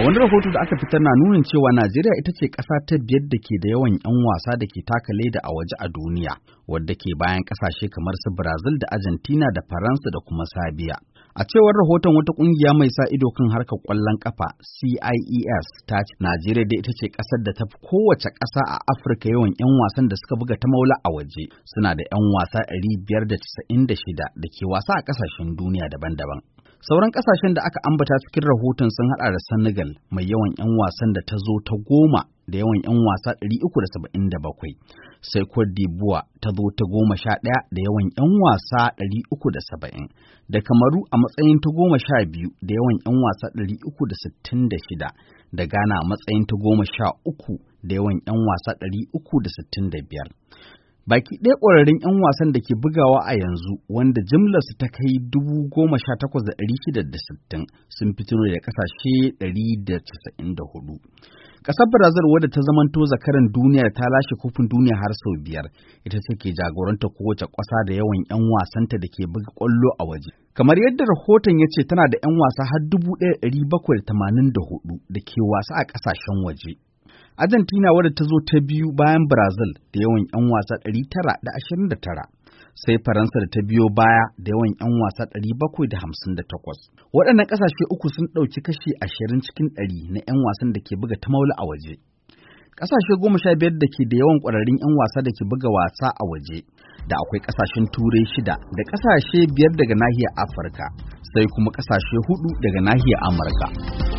A wani rahoto da aka fitar na nunin cewa Najeriya ita ce ƙasa ta biyar da ke da yawan 'yan wasa da ke taka leda a waje a duniya, wadda ke bayan ƙasashe kamar su Brazil da Argentina da Faransa da kuma Sabiya. A cewar rahoton wata ƙungiya mai sa ido kan harkar ƙwallon ƙafa CIES ta ce Najeriya da ita ce ƙasar da ta fi kowace ƙasa a Afirka yawan 'yan wasan da suka buga ta maula a waje, suna da 'yan wasa 596 da ke wasa a ƙasashen duniya daban-daban. Sauran ƙasashen da aka ambata cikin rahoton sun haɗa da Senegal mai yawan 'yan wasan da ta zo ta goma da yawan 'yan wasa 377, sai Cote d'Ivoire ta zo ta goma sha ɗaya da yawan 'yan wasa 370, da Kamaru a matsayin ta goma sha biyu da yawan 'yan wasa 366, da Ghana a matsayin ta goma sha uku da yawan 'yan wasa 365. Baki ɗaya ƙwararrun 'yan wasan da ke bugawa a yanzu wanda su ta kai sittin, sun fito da ƙasashe hudu. Ƙasar Brazil wadda ta zamanto zakaran duniya ta lashe kofin duniya har sau biyar, ita ce ke jagoranta kowace ƙasa da yawan 'yan wasanta da ke buga ƙwallo a waje. Kamar yadda rahoton ya ce tana da 'yan wasa har 1,784 da ke wasa a ƙasashen waje. Argentina wadda ta zo ta biyu bayan Brazil da yawan 'yan wasa 929, sai Faransa da ta biyo baya da yawan 'yan wasa 758. Waɗannan ƙasashe uku sun ɗauki kashi ashirin cikin ɗari na 'yan wasan da ke buga ta maula a waje. Ƙasashe goma sha biyar da ke da yawan ƙwararrun 'yan wasa da ke buga wasa a waje, da akwai ƙasashen Turai shida da ƙasashe biyar daga nahiyar Afirka, sai kuma ƙasashe hudu daga nahiyar Amurka.